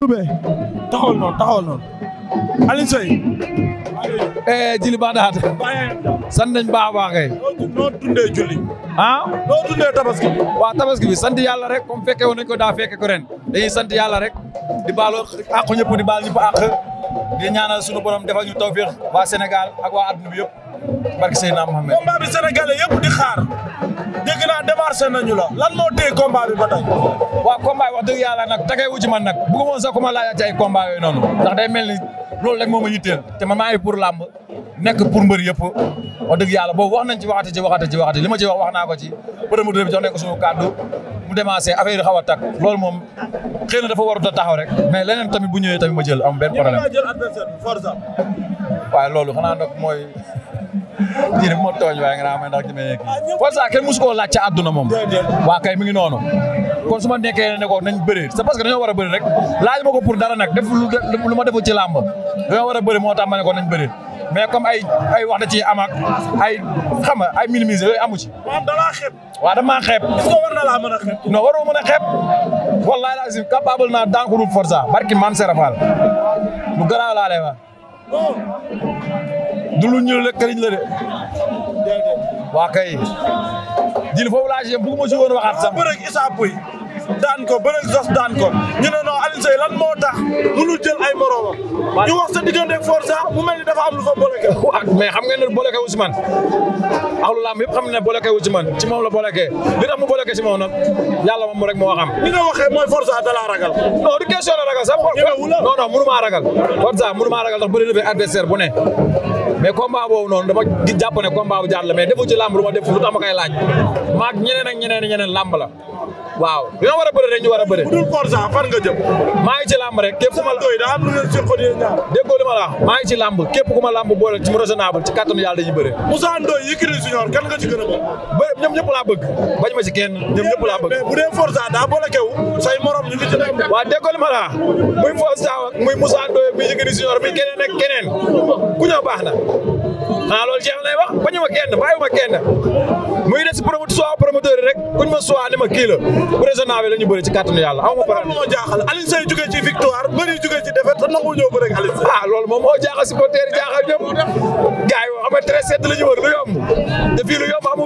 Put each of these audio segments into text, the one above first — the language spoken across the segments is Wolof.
taxawal noonu taxawal noonu Alioune Seye. eh Jili Ba Daat. sant nañ baax a baax kay. noo ah? bi. waaw tabaski sant yàlla rek comme fekke woon nañ ko daa fekke ko ren dañuy sant yàlla rek di baalu àq ñëpp di baal ñëpp àq di ñaanal sunu borom defal ñu tawféex waa Sénégal ak waa adduna bi yëpp barke Seydina renversé nañu la lan moo téye combat bi ba tey. waaw combat wax dëgg yàlla nag tagee wu ci man nag bëggu woon sax ku ma laajaat ci ay combat yooyu noonu ndax day mel ni loolu rek moo ma yitteel te man maa ngi nekk pour mbër yëpp wax dëgg yàlla boobu wax nañ ci waxati ci waxati ci waxati li ma ci wax wax naa ko ci promoteur bi jox nañ ko loolu moom xëy na dafa warut a taxaw rek mais leneen tamit bu ñëwee tamit ma jël am benn problème. waaye loolu xanaa nag mooy. kii rek moo tooñ waaye nga naa amee ndax ki ah, may kii Forza kenn musu koo laaj ca moom waa kay mi noonu kon su nekkee ne ko nañ bëree c'est parce que dañoo war a bëri rek laaj ma ko pour dara nag def lu ma deful ci làmb dañoo war a bëri moo tax ma ne ko nañ bëri mais comme ay ay wax da ci am ay xam nga ay minimiser yooyu amu ci. waaw damaa xeeb. waaw damaa xeeb. est war na laa a xeeb. non a xeeb. wallaahi laa capable naa daan ko Forza barki man Serapal lu garaaw laa lay du lu ñuul rek këriñ la de. waa kay. jili foofu laa ci yem bëgguma si waxaat sax. bëreeg Issa daan ko bëreeg Zos daan ko ñu ne non Seye lan moo tax mënul jël ay moroomam. ñu wax sa diggante Forza mu mel ni dafa am lu fa boleke. mais xam ngeen ne boleke wu si man axlu laam yëpp xam ne boleke wu si man ci moom la boleke li tax mu boleke si moom nag rek moo xam. li nga waxee mooy Forza dala ragal. non du question la ragal sax. non non mënu maa ragal. Forza mënu maa ragal ndax bëri na ba adversaire bu ne. mais combat boobu noonu dama jàpp ne combat bu jaar la mais defu ci làmb lu ma def lu tax ma laaj maag la waaw ñoo war a bëre dañu war a bëre. bu dul Forza fan nga jëm. maa ci làmb rek képp ku ma. doy daa am lu leen seqoon yéen ñaar. déggoo li ma la wax maa ngi ci làmb képp ku ma làmb boole ci mu raisonnable ci kàttanu yàlla dañuy bëre. Moussa Ndoye yi Yékini Junior kan nga ci gën a bëgg. ba ñoom ñëpp laa bëgg la wax muy Forza muy Moussa Ndoye muy na ah loolu jeex na muy des rek kuñ ma suwaa ni ma kii la président bi a ñu bëri ci kàttanu yàlla aw ma problème moo jaaxal Alioune Seye jógee ci victoire bëri jógee ci défaite te nangu ñëw bëri ak Alioune Seye ah moo jaaxal supporter jaaxal ñëpp gars yi xam nga très sedd la lu yomb te lu yomb amu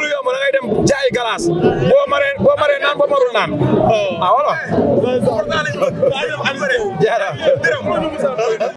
lu yomb da ngay dem jaayi galaas boo maree boo naan ba marul naan oh. ah voilà eh, eh,